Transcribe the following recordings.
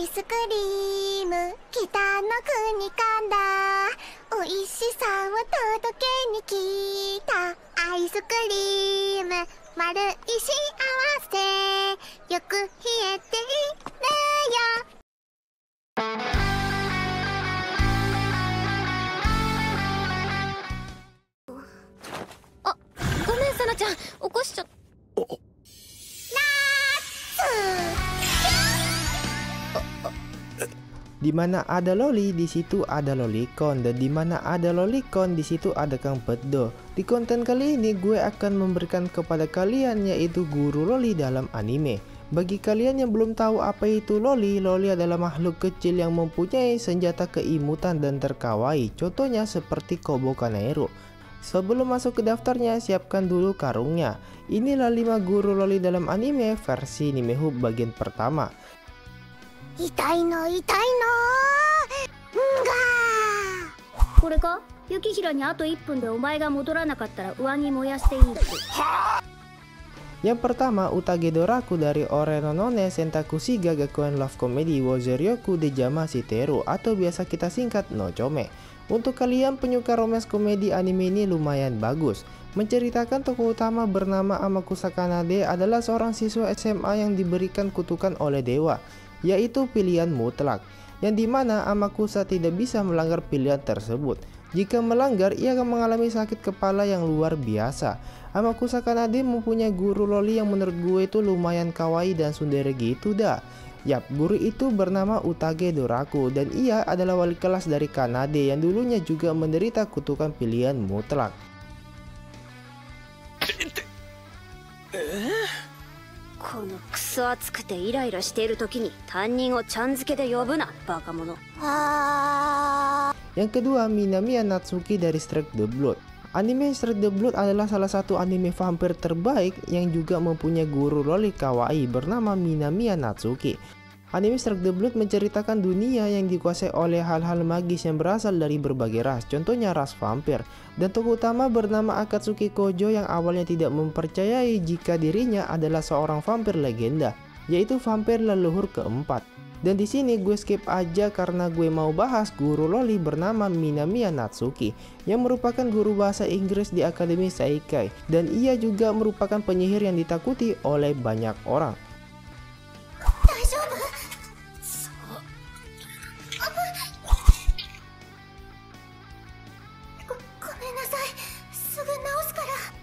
イスクリーム北の国から美味しさを届けに来たアイスクリーム丸い幸せよく冷えているよあごめんさなちゃん起こしちゃった Di mana ada loli, di situ ada lolicon dan di mana ada lolicon, di situ ada Kang Pedo. Di konten kali ini gue akan memberikan kepada kalian yaitu guru loli dalam anime. Bagi kalian yang belum tahu apa itu loli, loli adalah makhluk kecil yang mempunyai senjata keimutan dan terkawai, contohnya seperti Kobo Kanero. Sebelum masuk ke daftarnya, siapkan dulu karungnya. Inilah 5 guru loli dalam anime versi Nimehub bagian pertama. 1 Yang pertama, Utage Doraku dari no None Sentakushi Gagakuen Love Comedy Wojeryoku Dejama Shiteru atau biasa kita singkat No Chome. Untuk kalian penyuka romance komedi anime ini lumayan bagus. Menceritakan tokoh utama bernama Amakusa Kanade adalah seorang siswa SMA yang diberikan kutukan oleh dewa yaitu pilihan mutlak, yang dimana Amakusa tidak bisa melanggar pilihan tersebut. Jika melanggar, ia akan mengalami sakit kepala yang luar biasa. Amakusa Kanade mempunyai guru loli yang menurut gue itu lumayan kawaii dan sundere gitu dah. Yap, guru itu bernama Utage Doraku dan ia adalah wali kelas dari Kanade yang dulunya juga menderita kutukan pilihan mutlak. このクソ暑くてイライラしている時に担任をちゃん付けで呼ぶなバカ者 Yang kedua, Minami Natsuki dari Strike the Blood. Anime Strike the Blood adalah salah satu anime vampir terbaik yang juga mempunyai guru loli kawaii bernama Minamiya Natsuki. Anime Strike the Blood menceritakan dunia yang dikuasai oleh hal-hal magis yang berasal dari berbagai ras, contohnya ras vampir. Dan tokoh utama bernama Akatsuki Kojo yang awalnya tidak mempercayai jika dirinya adalah seorang vampir legenda, yaitu vampir leluhur keempat. Dan di sini gue skip aja karena gue mau bahas guru loli bernama Minamiya Natsuki yang merupakan guru bahasa Inggris di Akademi Saikai dan ia juga merupakan penyihir yang ditakuti oleh banyak orang.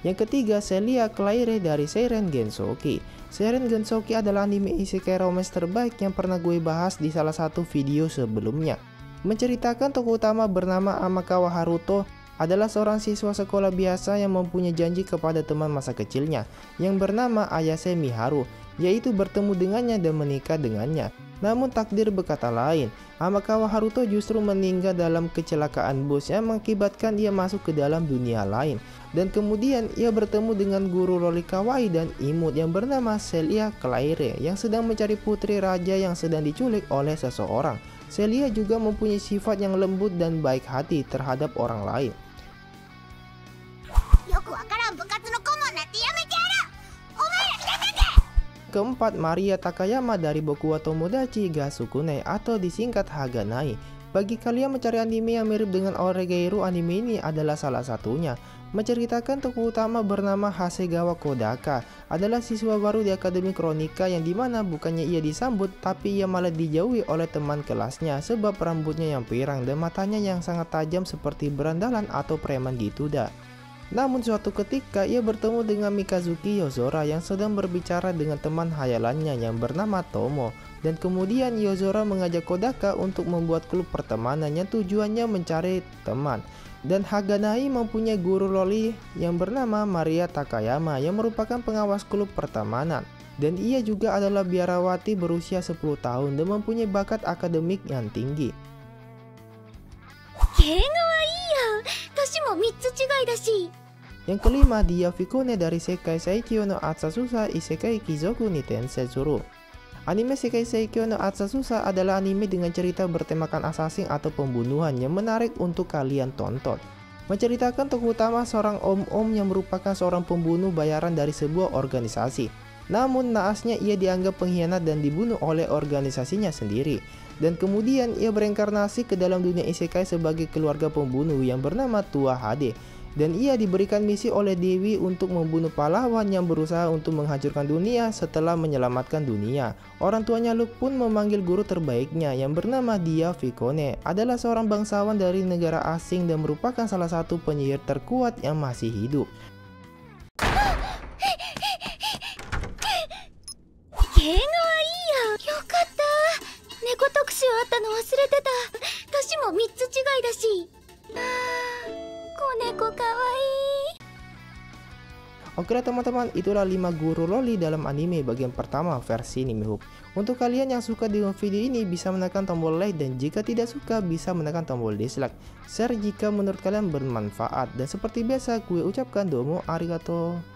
Yang ketiga, Celia Claire dari Seiren Gensoki. Seiren Gensoki adalah anime isekai romance terbaik yang pernah gue bahas di salah satu video sebelumnya. Menceritakan tokoh utama bernama Amakawa Haruto adalah seorang siswa sekolah biasa yang mempunyai janji kepada teman masa kecilnya yang bernama Ayase Miharu yaitu bertemu dengannya dan menikah dengannya. Namun takdir berkata lain, Amakawa Haruto justru meninggal dalam kecelakaan bus yang mengakibatkan ia masuk ke dalam dunia lain. Dan kemudian ia bertemu dengan guru Loli Kawai dan imut yang bernama Celia Claire yang sedang mencari putri raja yang sedang diculik oleh seseorang. Celia juga mempunyai sifat yang lembut dan baik hati terhadap orang lain. Keempat, Maria Takayama dari Boku wa Tomodachi Gasukune atau disingkat Haganai. Bagi kalian mencari anime yang mirip dengan Oregairu, anime ini adalah salah satunya. Menceritakan tokoh utama bernama Hasegawa Kodaka adalah siswa baru di Akademi Kronika yang dimana bukannya ia disambut tapi ia malah dijauhi oleh teman kelasnya sebab rambutnya yang pirang dan matanya yang sangat tajam seperti berandalan atau preman gitu dah. Namun suatu ketika ia bertemu dengan Mikazuki Yozora yang sedang berbicara dengan teman hayalannya yang bernama Tomo dan kemudian Yozora mengajak Kodaka untuk membuat klub pertemanannya tujuannya mencari teman dan Haganai mempunyai guru loli yang bernama Maria Takayama yang merupakan pengawas klub pertemanan dan ia juga adalah biarawati berusia 10 tahun dan mempunyai bakat akademik yang tinggi. 3 yang kelima, dia Fikune dari Sekai Saikyo no Atsasusa Isekai Kizoku ni Tensetsuru. Anime Sekai Saikyo no Atsasusa adalah anime dengan cerita bertemakan assassin atau pembunuhan yang menarik untuk kalian tonton. Menceritakan tokoh utama seorang om-om yang merupakan seorang pembunuh bayaran dari sebuah organisasi. Namun naasnya ia dianggap pengkhianat dan dibunuh oleh organisasinya sendiri. Dan kemudian ia berinkarnasi ke dalam dunia isekai sebagai keluarga pembunuh yang bernama Tua Hade. Dan ia diberikan misi oleh Dewi untuk membunuh pahlawan yang berusaha untuk menghancurkan dunia setelah menyelamatkan dunia. Orang tuanya Luke pun memanggil guru terbaiknya yang bernama Dia Vicone, adalah seorang bangsawan dari negara asing dan merupakan salah satu penyihir terkuat yang masih hidup. も3つ違いだし子猫かわいい Oke okay, teman-teman, itulah 5 guru loli dalam anime bagian pertama versi mihub Untuk kalian yang suka dengan video ini bisa menekan tombol like dan jika tidak suka bisa menekan tombol dislike. Share jika menurut kalian bermanfaat dan seperti biasa gue ucapkan domo arigato.